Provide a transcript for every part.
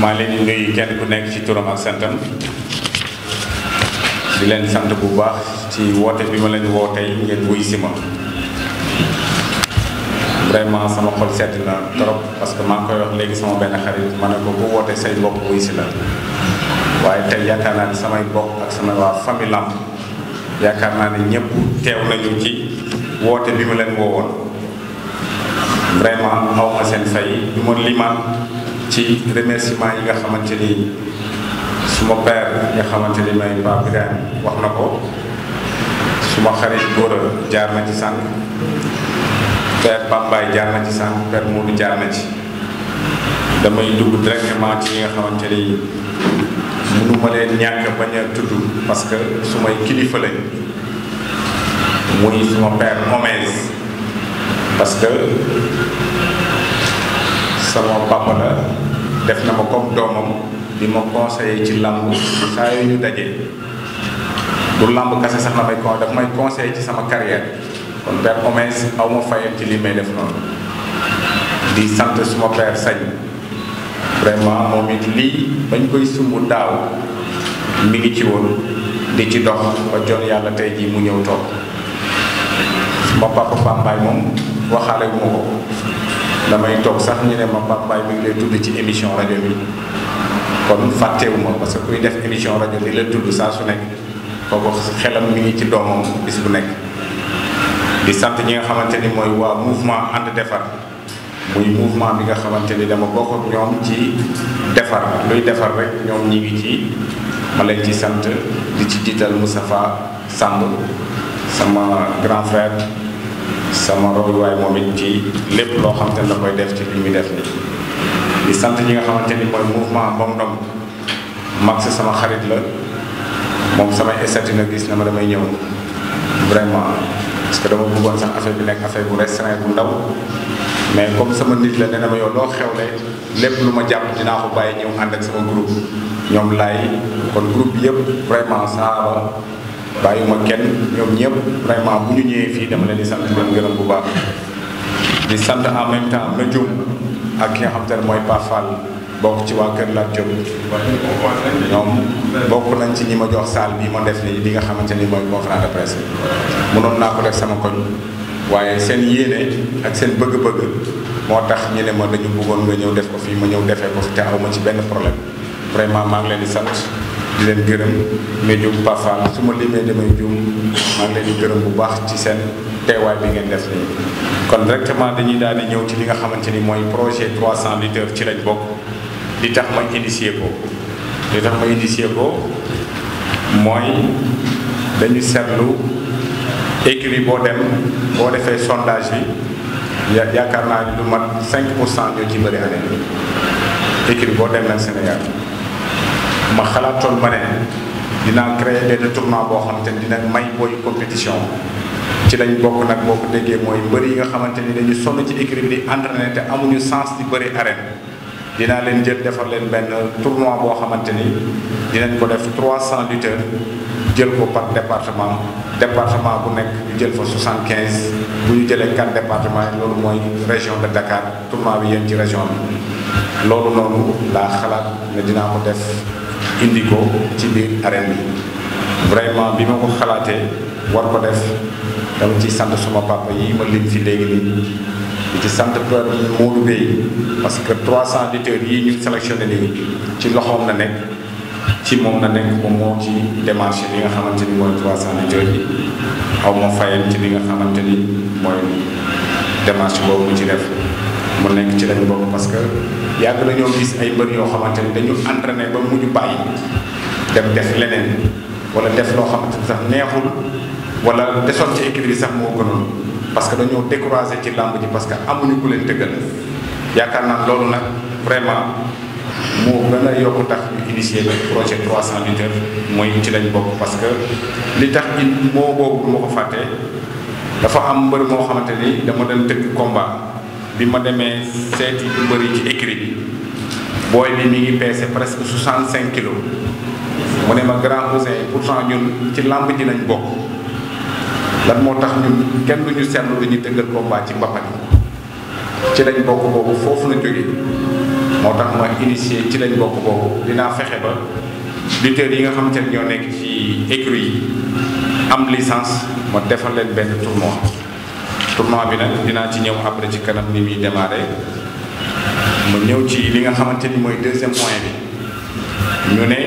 maa leen di nuyu kenn ku nekk ci turam ak santam di leen sant bu baax ci woote bi ma leen woo tey ngeen wuy si ma vraiment sama xol sedd na trop parce que maa ngi koy wax léegi sama benn xarit ma ne ko bu wootee say mbokk wuy la waaye tey yaakaar naa ne samay mbokk ak samay waa famille lamb yaakaar naa ne ñëpp teew nañu ci woote bi ma leen woowoon vraiment aw ma seen fay du ma limaan ci remerciement yi nga xamante ni suma père nga xamante ni may Pape Birahim wax na ko suma xarit góor jaar na ci sànq père Pape jaar na ci sànq moo Modou jaar na ci damay dugg directement ci ñi nga xamante ni mënu ma leen ñàkk bañ a tudd parce que sumay kilifa lañ muy suma père Omez parce que sama papa la def na ma comme doomam di ma conseiller ci làmb saa yu ñu dajee du làmb kase sax na may ko daf may conseiller ci sama carrière kon père Omès aw ma fayal ci li may def noonu di sant suma père Sagne vraiment moom it lii bañ koy sumb daaw mi ngi ci woon di ci dox ba jon yàlla tey jii mu ñëw toog suma papa Pambaay moom waxaale wu ma ko damay toog sax ñu ne ma Pape Mbaye mi ngi lay tudd ci émission rajo bi kon fàttewuma parce que kuy def émission rajo bi la tudd saa su nekk kooku xelam ñu ngi ci doomam bis bu nekk di sant ñi nga xamante ni mooy waa mouvement ànd defar muy mouvement bi nga xamante ni dama bokk ak ñoom ci defar luy defar rek ñoom ñi ngi ci ma leen ci sant di ci jiital Moustapha Samb sama grand frère sama royuwaay moom it ci lépp loo xamante ne da koy def ci li def nii di sant ñi nga xamante ni mooy mouvement Mbom mag si sama xarit la moom sama estati na gis na ma damay ñëw vraiment parce que dama bëggoon sax affaire bi nekk affaire bu restreint bu ndaw mais comme sama nit la nee na ma yow loo xewle lépp lu ma jàpp dinaa ko bàyyi ñëw ànd ak sama groupe ñoom laay kon group bi yëpp vraiment saaba bàyyiwuma kenn ñoom ñëpp vraiment bu ñu ñëwee fii dama leen di sant leen gërëm bu baax di sant en même temps na jum ak ki nga xam te ne mooy Pape Fall bokk ci waa Kër Laaj Diop ñoom bokk nañ ci ñi ma jox salle bi ma def nii li nga xamante ni mooy conférence de presse mënoon naa ko def sama koñ waaye seen yéene ak seen bëgg-bëgg moo tax ñu ne ma dañu bëggoon nga ñëw def ko fii ma ñëw defee ko fi te aw ma ci benn problème vraiment maa ngi leen di sant. di leen gërëm mais jum parfaan su ma limee damay jum maa ngi leen gërëm bu baax ci seen teewaay bi ngeen def nii kon directement dañuy daal di ñëw ci li nga xamante ni mooy projet 300 litres ci lañ bokk li tax ma initié ko li tax ma initié ko mooy dañu seetlu écurie boo dem boo defee sondage yi ya yaakaar naa ni lu mat 5 pour cent ñoo ci bëri année boo dem nag Sénégal ma xalaatoon ma ne dinaa créer benn tournoi boo xam te dina may booy compétition ci lañ bokk nag boo ko déggee mooy mbëri yi nga xamante ni dañu sol ci équipe bi di entraîné te amuñu sens di bëri arène dinaa leen jël defar leen benn tournoi boo xamante ni dinañ ko def 300 lutteurs jël ko par département departement bu nekk ñu jël fa 75 bu ñu jëlee 4 département yi loolu mooy région de Dakar tournoi bi yéen ci région bi loolu noonu laa dinaa ko def. indi ko ci biir arène bi vraiment bi ma ko xalaatee war ko def dama ci sant suma papa yi ma lim fi léegi nii di ci sant père Modou Bey parce que 300 lutteurs yi ñu sélectionné nii ci loxoom na nekk ci moom na nekk moom moo ci démarché li nga xamante ni mooy 300 lutteurs yi aw ma fayal ci li nga xamante ni mooy démarche boobu mu ci def. mu nekk ci lañ bokk parce que yàgg nañoo gis ay mbër yoo xamante ni dañu entraîné ba mujj bàyyi dem def leneen wala def loo xamante ni sax neexul wala desoon ci équipe yi sax moo gënoon parce que dañoo découragé ci làmb ji parce que amuñu ku leen tëggal yaakaar naa loolu nag vraiment moo gën a yokk tax ñu initier le projet 300 lutteurs mooy ci lañu bokk parce que li tax it moo boobu du ma ko fàtte dafa am mbër moo xamante ni dama doon tëgg combat. bi ma demee seeti mbër bëri ci écrit bi booy bi mi ngi peese presque 65 kilos mu ne ma grand cousin pourtant ñun ci làmb ji lañ bokk lan moo tax ñun kenn duñu seetlu dañuy tëggal combat ci mbappat yi ci lañ bokk boobu foofu la jóge moo tax ma initié ci lañ bokk boobu dinaa fexe ba lutteurs yi nga xam te ne ñoo nekk ci écrit yi am licence ma defal leen benn tournoi tournoi bi nag dinaa ci ñëw après ci kanam ni muy démarré mu ñëw ci li nga xamante ni mooy deuxième point bi ñu ne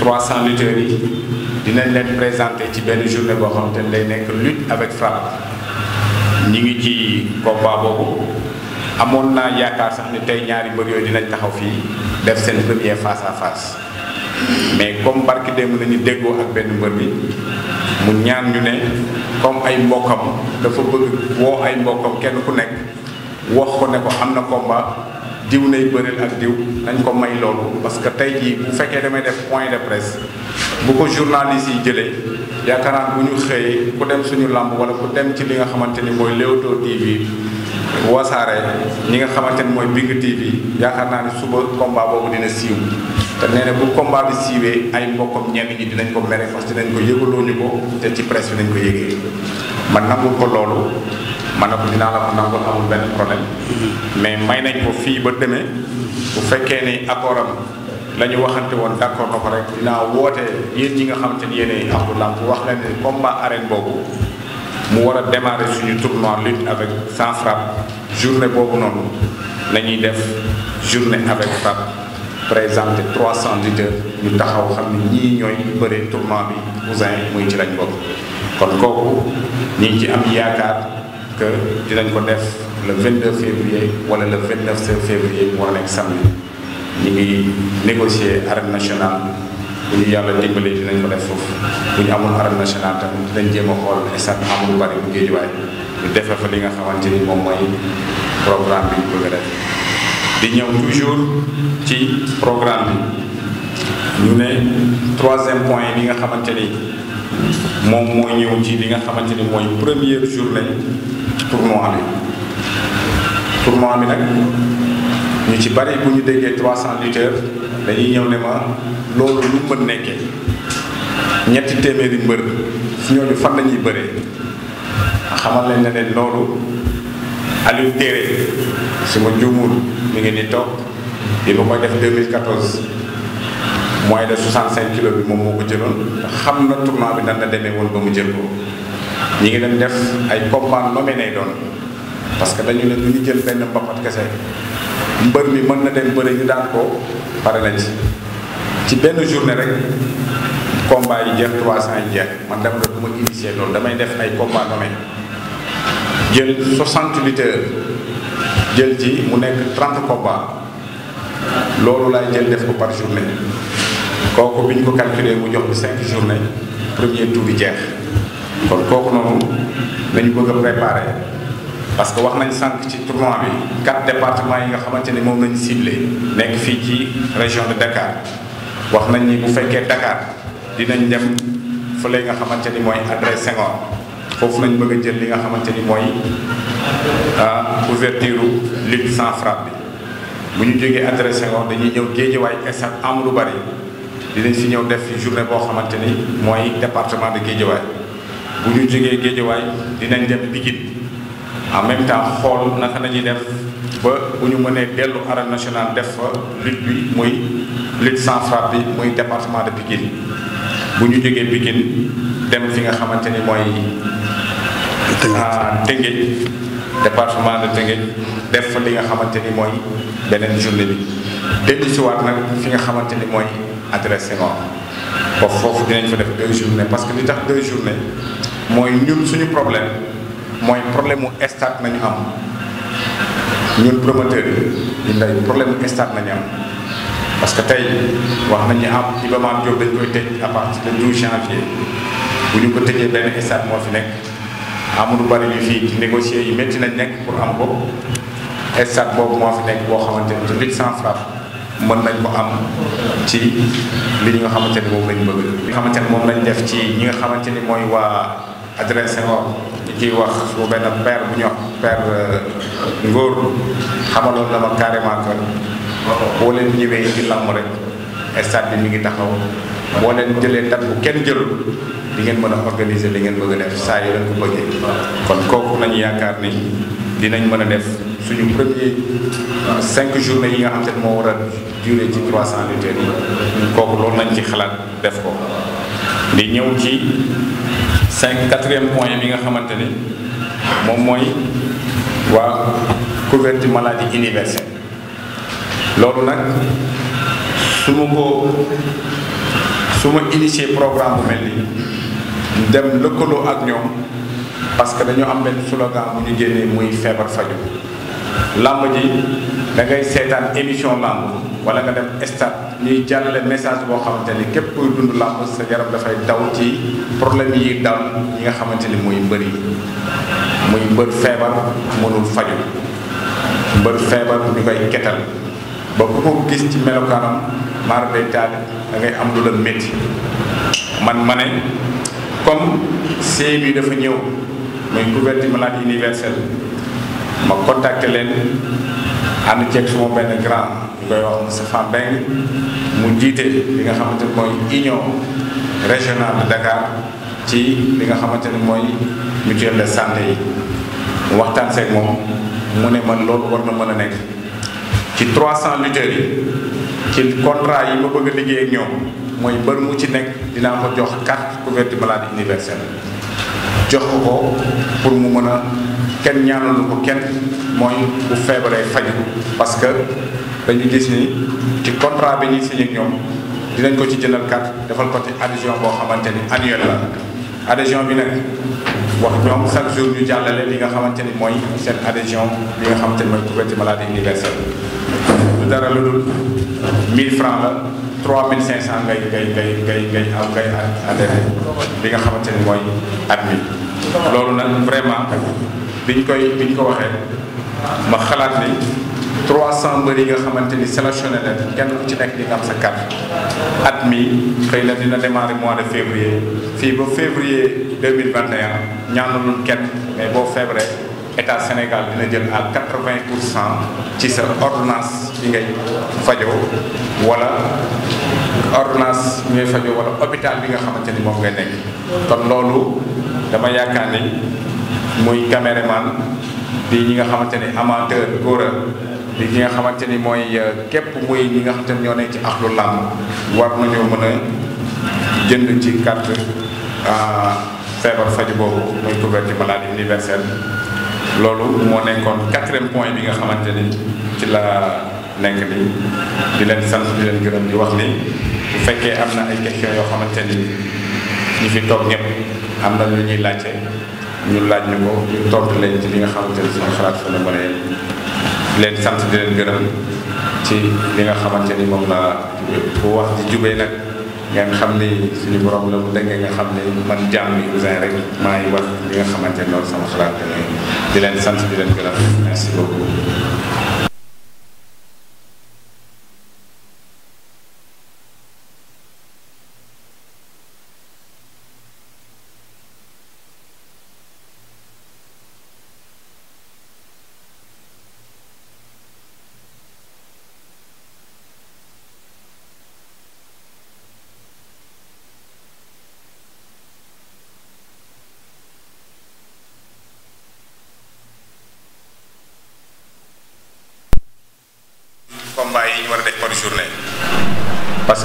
300 lutteurs yi dinañ leen présenter ci benn journée boo xamante ni day nekk lutte avec frappe ñi ngi ci combat boobu amoon naa yaakaar sax ni tey ñaari mbër yooyu dinañ taxaw fii def seen premier face à face. mais comme barki dem la ñu déggoo ak benn mbër bi mu ñaan ñu ne comme ay mbokkam dafa bëgg woo ay mbokkam kenn ku nekk wax ko ne ko am na combat diw nay bëril ak diw nañ ko may loolu parce que tey jii bu fekkee damay def point de presse bu ko journaliste yi jëlee yaakaar naa bu ñu xëyee ku dem suñu làmb wala ku dem ci li nga xamante ni mooy Leewtoo TV wasaare ñi nga xamante ni mooy Big TV yaakaar naa ne suba combat boobu dina siiw te nee na bu combat bi siiwee ay mbokkam ñenn ñi dinañ ko mere parce que dinañ ko yëgaloo ñu ko te ci presse bi nañ ko yëgee man nangul ko loolu man na ko dinaa la ko nangul amul benn problème mais may nañ ko fii ba demee bu fekkee ni accord am la ñu waxante woon d' accord rek dinaa woote yéen ñi nga xamante ni yéenay amul làmb wax leen ne combat arène boobu mu war a démarrer suñu tournoi lutte avec sans frappe journée boobu noonu la ñuy def journée avec frappe trois 300 leaders ñu taxaw xam ne ñii ñooy bëree tournoi bi Ousin muy ci lañ bokk. kon kooku ñu ngi ci am yaakaar que dinañ ko def le 22 février wala le 29 février mu war a nekk samedi ñu ngi négocier arène national bu ñu yàlla dimbalee dinañ ko def foofu bu ñu amul arène nationale tamit dinañ jéem a xool stade Amadou Barry bu Guédiawaye ñu defee fa li nga xamante ni moom mooy programme bi ñu bëgg a di ñëw toujours ci programme bi ñu ne troisième yi nga xamante ni moom mooy li nga xamante ni mooy première journée tournoi bi tournoi bi nag ñu ci bari bu ñu déggee trois cents lutteurs dañuy ñëw ne ma loolu lu mën nekkee ñetti téeméeri mbër ñooñu fan la ñuy bëree xamal leen ne leen loolu Aliou Téere mu ma juumul mi ngi ni toog bi ma koy def 2014 mooy de 65 kilo bi moom moo ko jëloon te xam na tournoi bi nan la demee ba mu jël ko ñi ngi leen def ay combat nommé nay doon parce que dañu ne ñu jël benn mbapat kese. mbër mi mën na dem bëri ñu daan ko pare nañ ci ci benn journée rek combat yi jeex 300 yi jeex man dem rek du ma initier loolu damay def ay combat domaine jël 60 lutteurs jël ci mu nekk 30 combat loolu laay jël def ko par journée kooku bi ñu ko calculer mu jox bi 5 journée premier tour bi jeex kon kooku noonu nañu bëgg préparer. parce que wax nañ sànq ci tournoi bi quatre départements yi nga xamante ni moom lañ ciblé nekk fii ci région de Dakar wax nañ ni bu fekkee Dakar dinañ dem fële nga xamante ni mooy adresse Senghor foofu lañ bëgg a jël li nga xamante ni mooy ah, ouverture lutte sans frappe bi bu ñu jógee adresse Senghor dañuy ñëw Guédiawaye am lu Barry dinañ fi ñëw def journée boo xamante ni mooy département de Guédiawaye bu ñu jógee Guédiawaye dinañ dem Pikine en même temps xool naka la ñuy def ba bu ñu mënee dellu arène nationale def fa lutte bi muy lutte sans frappe bi muy département de Pikine bu ñu jógee Pikine dem fi nga xamante ni mooy Tëngéej ah, département de Tëngéej def fa li nga xamante ni mooy beneen journée bi dellu si waat nag fi nga xamante ni mooy adressé noor ba foofu dinañ fa def deux journées parce que li tax deux journées mooy ñun suñu problème mooy problème mu stade nañu am ñun promoteur yi ñu day problème mu stade nañu am parce que tey wax nañu am Iba Mar Diop dañ koy tëj à partir du 12 bu ñu ko tëjee benn stade moo fi nekk amul bari ñu fii négocier yi métti nañ nekk pour am ko stade boobu moo fi nekk boo xamante ni lutte sans mën nañ ko am ci li ñu nga xamante ni moom lañ bëgg li nga xamante ni moom lañ def ci ñi nga xamante ni mooy waa adressé or ciy wax bu benn per bu ñu wax père euh, ngóor xamaloon na ma carrément que boo leen ñëwee ci làmb rek stade bi mi ngi taxaw boo leen jëlee date bu kenn jëlul di ngeen mën a organiser li ngeen bëgg a def saa yu leen ko bëggee kon kooku nañu yaakaar ni dinañ mën a def suñu premier cinq journées yi nga xam ne moo war a durer ci trois cent lutteurs yi kooku loolu nañ ci xalaat def ko di ñëw ci cinq quatrième point bi nga xamante ni moom mooy waa couverture maladie universelle loolu nag su ma ko su ma initié programme bu mel ni dem lëkkaloo ak ñoom parce que dañoo am benn slogan bu ñu génnee muy feebar faju làmb ji da ngay seetaan émission làmb wala nga dem stade ñuy jàllale message boo xamante ni képp kuy dund làmb sa yaram dafay daw ci problème yi dal yi nga xamante ni muy mbër yi muy mbër feebar mënul faju mbër feebar ñu koy ketal ba ku ko gis ci melokaanam maar day taal da am lu la métti man ma ne comme CMU dafa ñëw muy couverture maladie universelle ma contacté leen ànd ceeg suma benn grand ñu koy wax monsieur Fambeng mu jiite li nga xamante ne mooy union régionale de Dakar ci li nga xamante ne mooy mutuelle de santé yi mu waxtaan seeg moom mu ne man loolu war na mën a nekk ci 300 lutteurs yi ci contrat yi ma bëgg a liggéey ak ñoom mooy mbër mu ci nekk dinaa ko jox carte couverte maladie universelle jox ko ko pour mu mën a kenn ñaanalu ko kenn mooy bu feebaree faju parce que dañu gis ni ci contrat bi ñuy signé ak ñoom dinañ ko ci jëlal carte defal ko ci adhésion boo xamante ni annuelle la adhésion bi nag wax ñoom chaque jour ñu jàllale li nga xamante ni mooy seen adhésion li nga xamante ni mooy couverture maladie universelle lu dara lu dul 1000 francs la 3500 ngay ngay ngay ngay ngay am ngay adhéré li nga xamante ni mooy at loolu nag vraiment biñ koy biñ ko waxee ma xalaat ni 300 mbër yi nga xamante ni sélectionné leen kenn ku ci nekk di am sa carte at mi xëy na dina démarrer mois de février fii ba février 2021 ñaanalul kenn mais boo feebree état Sénégal dina jël à 80 pour cent ci sa ordonnance bi ngay fajoo wala ordonnance bi ngay fajoo wala hôpital bi nga xamante ni moom ngay nekk kon loolu dama yaakaar ni muy caméraman di ñi nga xamante ni amateur góor a di ñi nga xamante ni mooy euh, képp muy ñi nga xamante ni ñoo nekk ci axlu làmb war nañoo mën a jënd ci carte euh, feebar faju boobu muy couverture maladie universelle loolu moo nekkoon quatrième point bi nga xamante ni ci la nekk ni di leen sant di leen gërëm di wax ni bu fekkee am na ay questions yoo xamante ni ñi fi toog ñëpp am na lu ñuy laajte ñu laaj ñu ko ñu tontu leen ci li nga xamante ni suñu xalaat fa la mën a leen sant di leen gërëm ci li nga xamante ni moom laa bu wax di jubee nag ngeen xam ni suñu borom la mu déggee nga xam ni man jàmm yi Ouzin rek maa ngi wax li nga xamante ni loolu sama xalaat la di leen sant di leen gërëm merci beaucoup.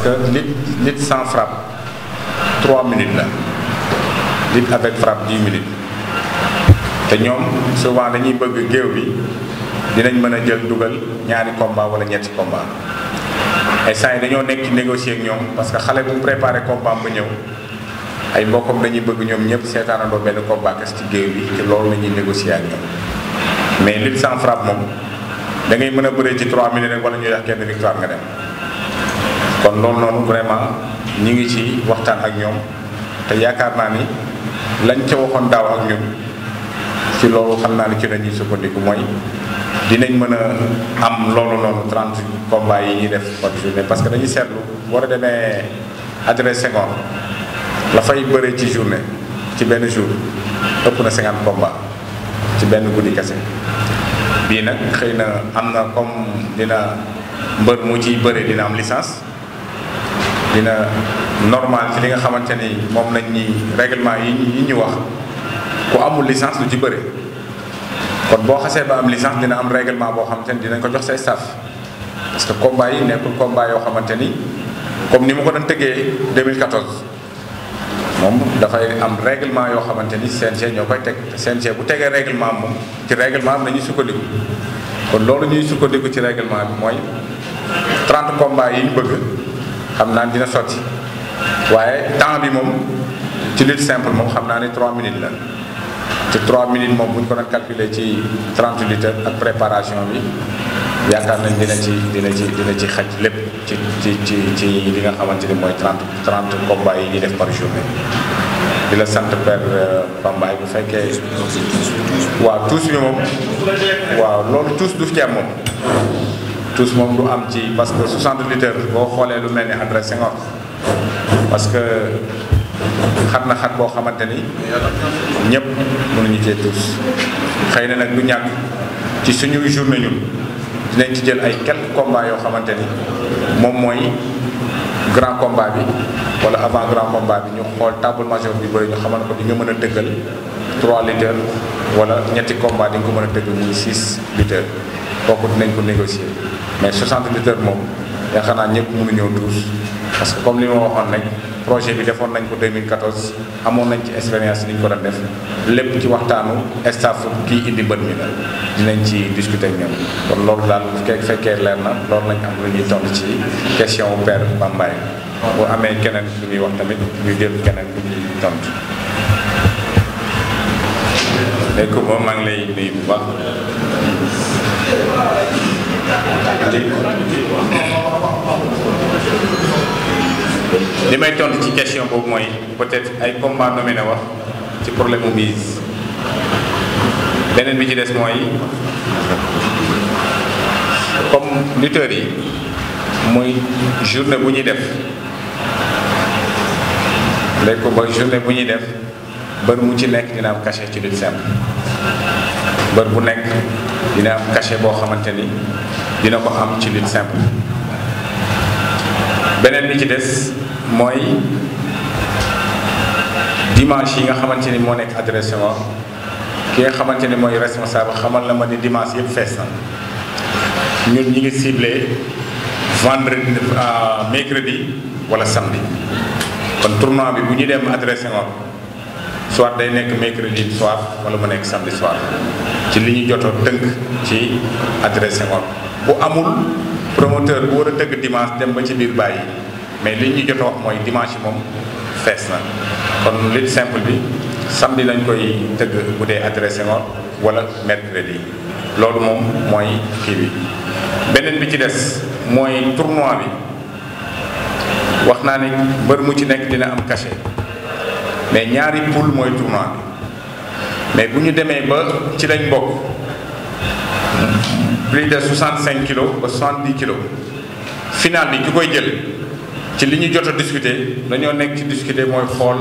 que lutte lutte sans frappe 3 minutes la lutte avec frappe 10 minutes te ñoom souvent dañuy bëgg géew bi dinañ mën a jël dugal ñaari combat wala ñetti combat ay yi dañoo nekk négocier ak ñoom parce que xale bu préparé combat ba ñëw ay mbokkam dañuy bëgg ñoom ñëpp seetaanandoo benn combat kes ci géew bi te loolu la ñuy négocier ak ñoom mais lutte sans frappe moom da ngay mën a bëree ci 3 minutes rek wala ñu def kenn victoire nga dem. kon loolu noonu vraiment ñi ngi ci waxtaan ak ñoom te yaakaar naa ni lañ ca waxoon daaw ak ñun ci loolu xam naa ni ci lañuy sukkandiku mooy dinañ mën a am loolu noonu 30 pomba yi ñuy def par journée parce que dañuy seetlu war a demee adresse Senghor lafay fay ci journée ci benn jour ëpp na 50 pomba ci benn guddi kese bii nag xëy na am na comme dina mbër mu ciy bëre dina am licence dina normal ci li nga xamante ni moom lañ ñi règlement yi ñu wax ku amul licence lu ci bëri kon boo xasee ba am licence dina am réglement boo xamante ni dinañ ko jox say staff parce que yi nekkul combat yoo xamante ni comme ni mu ko doon tëggee 2014 moom dafay am réglement yoo xamante ni CNG ñoo koy teg te CNG bu tegee réglement moom ci règlement am nañuy sukkandiku kon loolu ñuy sukkandiku ci réglement bi mooy 30 combats yi ñu bëgg. xam naa dina sotti waaye temps bi moom ci lutte simple moom xam naa ne 3 minutes la te 3 minutes moom bu ñu ko doon calculer ci 30 lutteurs ak préparation bi yaakaar nañ dina ci dina ci dina ci xaj lépp ci ci ci ci li nga xamante ni mooy trent 30 combats yi ñuy def par journée. di la sant père euh, Pambaay bu fekkee waaw tous bi moom waaw loolu tous du fi moom. tous moom du am ci parce que 60 litres boo xoolee lu mel ni Adrien Senghor parce que xat na xat boo xamante ni ñëpp mënuñu cee tous xëy na nag du ñàkk ci suñuy journée ñun dinañ ci jël ay quelques combats yoo xamante ni moom mooy grand combat bi wala avant grand combat bi ñu xool table major bi bëri ñu xamal ko di mën a dëggal 3 litres wala ñetti combat di nga ko mën a dëgg muy 6 litres. kooku dinañ ko négocier mais 78 heures moom yaakaar naa ñëpp mënuñoo tous parce que comme li ma waxoon rek projet bi defoon nañ ko 2014 amoon nañ ci expérience ni ñu ko def lépp ci waxtaanu staff kii indi bët mi la dinañ ci discuter ak ñoom kon loolu daal bu fekkee leer na loolu lañ am lu ñuy tontu ci question wu père Bambaye bu amee keneen lu ñuy wax tamit ñu jël keneen lu ñuy tontu. léegi moom lay nuyu bu baax. li may tontu ci question boobu mooy peut-être ay combat nommé na wax ci problème mu mise beneen bi ci des mooy comme lutteurs yi mooy journée bu ñuy def léegi ko ba journée bu ñuy def bër mu ci nekk dina am ci lutte simple bër bu nekk. dina am cachet boo xamante ni dina ko am ci lutte simple beneen bi ci des mooy dimanche yi nga xamante ni moo nekk adressé ma ki nga xamante ni mooy responsable xamal la ma ni dimanche yëpp fees na ñun ñi ngi ciblé vendredi euh, mercredi wala samedi kon tournoi bi bu ñu dem adressé soit day nekk mercredi soir wala mu nekk samedi soir ci li ñu jotoo tënk ci adresse ngoon bu amul promoteur bu war a tëgg dimanche dem ba ci biir bàyyi mais li ñu jotoo wax mooy dimanche moom fees na kon lutte simple bi samedi lañ koy tëgg bu dee adresse ngoon wala mercredi loolu moom mooy kii bi beneen bi ci des mooy tournoi bi wax naa ne mbër mu ci nekk dina am cachet mais ñaari poule mooy tournoi mais bu ñu demee ba ci lañ bokk plus de cinq kilos ba 70 kilos final bi ki koy jël ci li ñu jot discuter dañoo nekk ci discuter mooy xool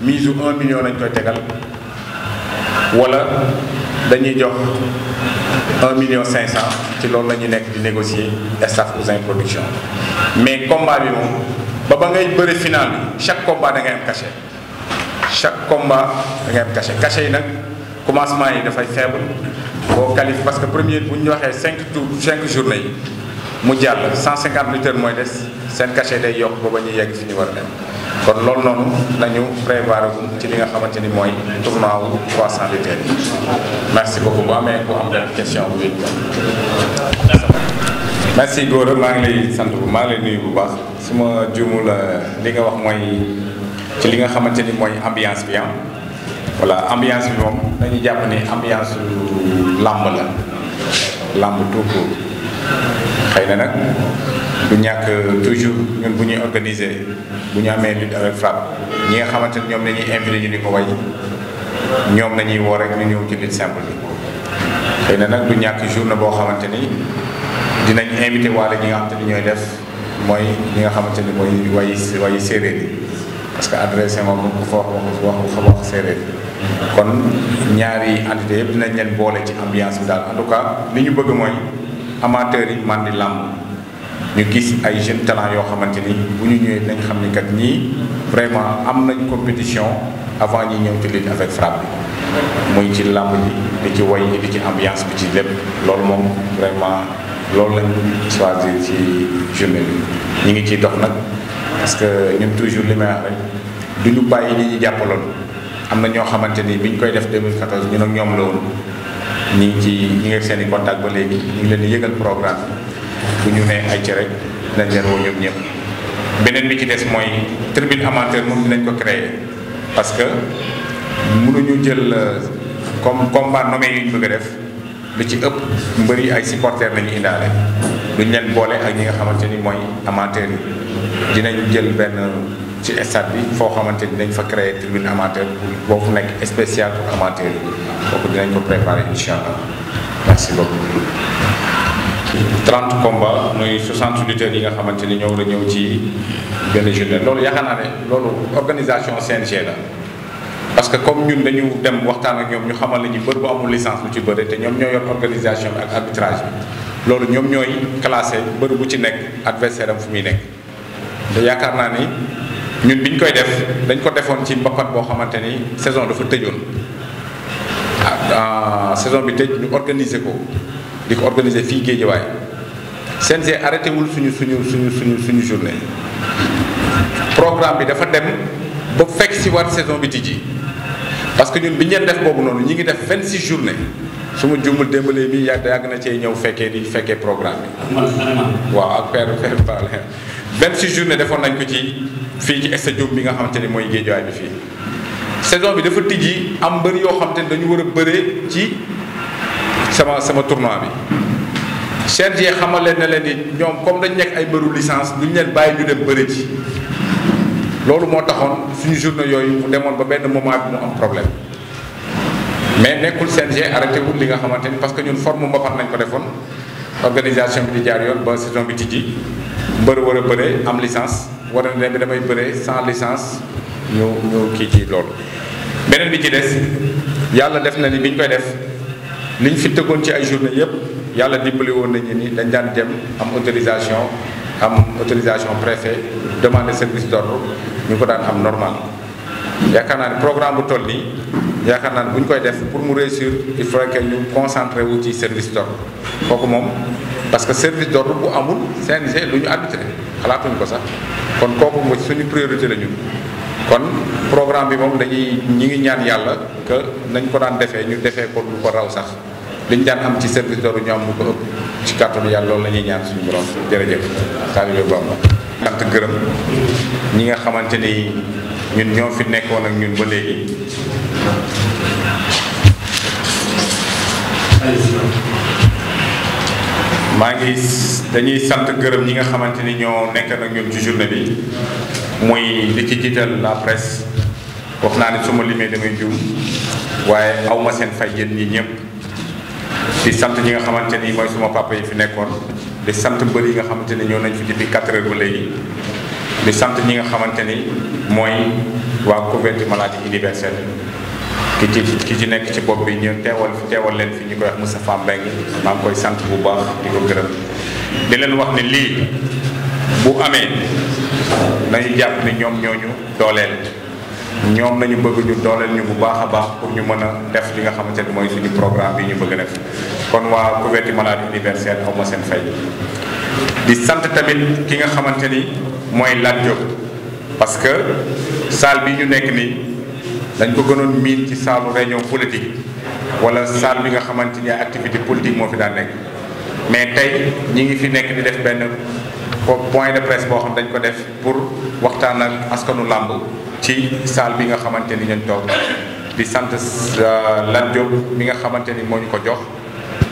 mise u 1 million lañ koy tegal wala dañuy jox 1 million 500 ci loolu la ñuy nekk di négocier staff Ouzin Production mais combat bi moom ba ba ngay bëri final bi chaque combat da am cachet. chaque combat da ngay am cachet yi nag commencement yi dafay faible boo qualif parce que premier bu ñu waxee cinq tour cinq journée yi mu jàll cinquante lutteurs mooy des seen cachet day yokk ba ba ñuy yegg fi ñu war a dem kon loolu noonu nañu prévoir ci li nga xamante ni mooy tournoi wu 300 lutteurs yi merci beaucoup bu amee ku bu merci Gora maa ngi lay sant bu maa ngi lay nuyu bu baax su ma juumul euh, li nga wax mooy ci li nga xamante ni mooy ambiance bi am ah. voilà ambiance bi moom dañuy jàpp ni ambiance làmb la làmb tout court xëy na nag du ñàkk toujours ñun bu ñuy organiser bu ñu amee lutte avec frappe ñi nga xamante ni ñoom dañuy invité ñu ni ko way ñoom nañuy woo rek ñu ñëw ci lutte simple bi xëy nag du ñàkk journée boo xamante ni dinañ invité waale ñi nga xamante ni ñooy def mooy li nga xamante ni mooy wayi wayi séeréer yi parce que adressé moom bu fa wax wax wax séeréer kon ñaari entité yëpp dinañ leen boole ci ambiance bi daal en tout cas li ñu bëgg mooy amateurs yi man di làmb ñu gis ay jeunes talent yoo xamante ni bu ñu ñëwee dinañ xam ni kat ñii vraiment am nañ compétition avant ñi ñëw ci lutte avec frappe mooy ci làmb ji di ci way di ci ambiance bi ci lépp loolu moom vraiment loolu lañ choisir ci journée bi ñu ngi ciy dox nag parce que ñun toujours li may wax rek du ñu bàyyi ñi ñu jàppaloon am na ñoo xamante ni bi ñu koy def 2014 ñun ak ñoom la woon ñi ngi ci ñi ngi seen i contact ba léegi ñu ngi leen di yëgal programme bu ñu ne ay ci rek dañ leen woo ñoom ñëpp. beneen bi ci des mooy tribune amateur moom dinañ ko créer parce que mënuñu jël euh, comme combat nommé yu ñu bëgg a def lu ci ëpp mbëri ay supporters la ñu indaale duñ leen boole ak ñi nga xamante ni mooy amateur yi dinañ jël benn. ci stade bi foo xamante ni dañ fa créer tribune amateur boo fu nekk spécial pour amateur yi kooku dinañ ko préparer incha allah merci beaucoup. 30 combats muy 60 lutteurs yi nga xamante ni ñoo war a ñëw ci benn journée loolu yaakaar naa ne loolu organisation CNG la. parce que comme ñun dañu dem waxtaan ak ñoom ñu xamal la ñu bër bu amul licence lu ci bëre te ñoom ñoo yor organisation ak arbitrage loolu ñoom ñooy classé bër bu ci nekk adversaire am fu muy nekk te yaakaar naa ni. ñun bi ñu koy def dañ ko defoon ci mbappat boo xamante ni saison dafa tëjoon ah, ah saison bi tëj ñu organiser ko di ko organiser fii Géejawaay CNG arrêté wul suñu suñu suñu suñu suñu journée programme bi dafa dem ba fekk si waat saison bi tijji parce que ñun bi ñu def boobu noonu ñi ngi def 26 journée su ma jumul démbalee mi yàgg yàgg na cee ñëw fekkee di fekkee programme bi. waaw ak père père Pallé 26 journée defoon nañ ko ci. fii ci stade bi nga xamante ni mooy géejuwaay bi fii saison bi dafa tijji am mbër yoo xam xamante ni dañu war a bëree ci sama sama tournoi bi CNG xamal leen ne leen ni ñoom comme dañ nekk ay mbëru licence duñ leen bàyyi ñu dem bëri di loolu moo taxoon suñu journée yooyu mu demoon ba benn moment bi mu am problème mais nekkul CNG arrêté wul li nga xamante ni parce que ñun forme mbapat nañ ko defoon organisation bi di jaar yoon ba saison bi tijji mbër war a bëree am licence war na ne damay bëree sans licence ñu ñu kii ci loolu. beneen bi ci des yàlla def na ni bi ñu koy def ñu fi tegoon ci ay journée yépp yàlla dimbali woon nañu ni dañ daan dem am autorisation am autorisation préfet demande service d'ordre ñu ko daan am normal yaakaar naa ni programme bu toll nii yaakaar naa ne bu ñu koy def pour mu réussir il faudrait que ñu concentré wu ci service d'ordre kooku moom parce que service d'ordre bu amul CNG lu ñu arbitré xalaatuñ ko sax kon kooku mooy suñu priorité la ñun kon programme bi moom dañuy ñi ngi ñaan yàlla que nañ ko daan defee ñu defee ko lu ko raw sax liñ daan am ci service d'ordre ñu am lu ko ëpp ci kàttanu yàlla loolu la ñuy ñaan suñu borom jërëjëf taalibe Bamba sant gërëm ñi nga xamante ni ñun ñoo fi nekkoon ak ñun ba léegi maa ngi dañuy sant gërëm ñi nga xamante ni ñoo nekk nag ñun ci journée bi mooy li ci jiital la presse wax naa ne su ma limee damay juum waaye awma seen fay yéen ñi ñëpp di sant ñi nga xamante ni mooy suma papa yi fi nekkoon di sant mbër yi nga xamante ni ñoo nañ fi depuis 4 heures ba léegi di sant ñi nga xamante ni mooy waa couverture maladie universelle ki ci ki ci nekk ci bopp bi ñu teewal teewal leen fi ñu koy wax Moustapha Mbengue maa koy sant bu baax di ko gërëm di leen wax ne lii bu amee nañu jàpp ni ñoom ñooñu dooleel ñoom nañu bëgg ñu dooleel ñu bu baax a baax pour ñu mën a def li nga xamante ne mooy suñu programme bi ñu bëgg def kon waa couverture maladie universelle aw ma seen fay di sant tamit ki nga xamante ni mooy Lat Diop parce que bi ñu nekk nii dañ ko gënoon miin ci saalu réunion politique wala salle bi nga xamante ni activité politique moo fi daan nekk mais tey ñi ngi fi nekk di def benn point de presse boo xam dañ ko def pour waxtaan ak askanu làmb ci salle bi nga xamante ni ñooñ toog di sant euh, Lat Diop mi nga xamante ni moo ñu ko jox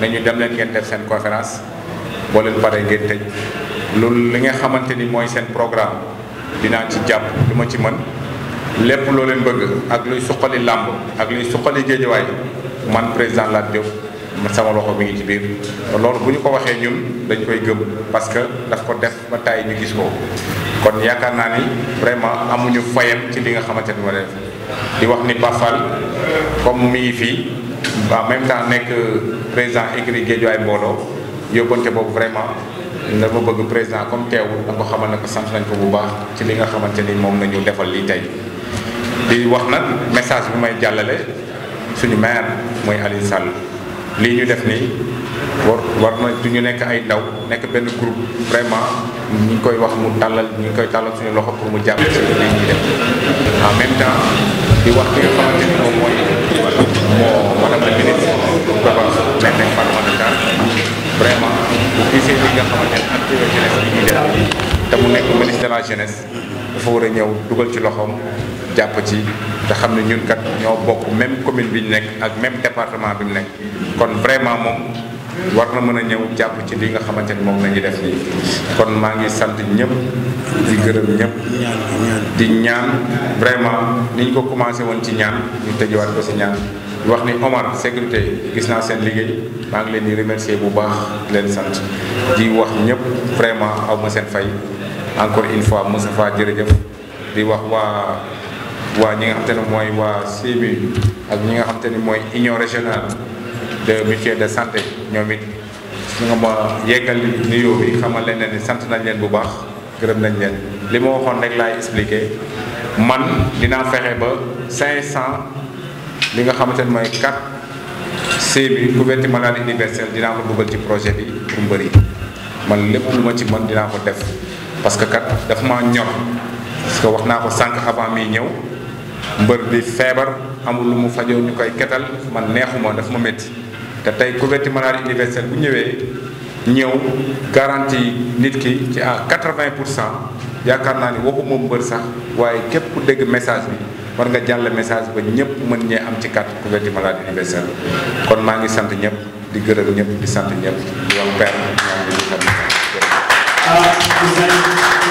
nañu dem leen ngeen seen conférence boo paree ngeen loolu li nga xamante ni mooy seen programme dinaa ci jàpp lu ma ci mën lépp loolu leen bëgg ak luy suqali làmb ak luy suqali géejawaay man président Lat Diop sama loxo bi ngi ci biir loolu bu ñu ko waxee ñun dañ koy gëm parce que daf ko def ba tàyyi ñu gis ko kon yaakaar naa ni vraiment amuñu fayam ci li nga xamante ni ma def di wax ni Bafal comme mi fii en même temps nekk président écrit géejawaay mbooloo yóbbante boobu vraiment na ma bëgg président comme teewul da ko xamal ne ko sant nañ ko bu baax ci li nga xamante ni moom nañu defal lii tey di wax nag message bu may jàllale suñu maire mooy Aliou Sall lii ñu def nii war war na du ñu nekk ay ndaw nekk benn groupe vraiment ñu ngi koy wax mu tàllal ñu ngi koy tàllal suñu loxo pour mu jàpp ci li ñuy def en même temps di wax ki nga xamante moom ñëw dugal ci loxoom jàpp ci te xam ne ñun kat ñoo bokk même commune bi ñu nekk ak même département bi mu nekk kon vraiment moom war na mën a ñëw jàpp ci li nga xamante ni moom la ñuy def nii kon maa ngi sant ñëpp di gërëm ñëpp di ñaan vraiment ni ñu ko commencé woon ci ñaan ñu tëjewaat ko si ñaan wax ni Omar sécurité gis naa seen liggéey maa ngi leen di remercier bu baax di leen sant di wax ñëpp vraiment aw ma seen fay encore une fois Moustapha jërëjëf di wax waa waa ñi nga xam te ne mooy waa CMU ak ñi nga xam te ne mooy union régionale de mutuelle de santé ñoom it su nga ma yeggal nuyoo bi xamal leen ni sant nañ leen bu baax gërëm nañ leen li ma waxoon rek laa expliquer man dinaa fexe ba cinq cent li nga xamante ni mooy bi ku weti maladie universelle dinaa ko dugal ci projet bi pour mbëri man lépp lu ma ci mën dinaa ko def parce kat dafa maa ñor. parce que wax naa ko sànq avant mi ñëw mbër di feebar amul lu mu fajoo ñu koy ketal man neexuma daf ma métti te tey couverture maladie universelle bu ñëwee ñëw garantie nit ki ci à 80 pour cent yaakaar naa ni waxuma mbër sax waaye képp ku dégg message bi war nga jàll message ba ñëpp mën ñee am ci carte couverture maladie universelle kon maa ngi sant ñëpp di gërëm ñëpp di sant ñëpp di wax père ñaan bi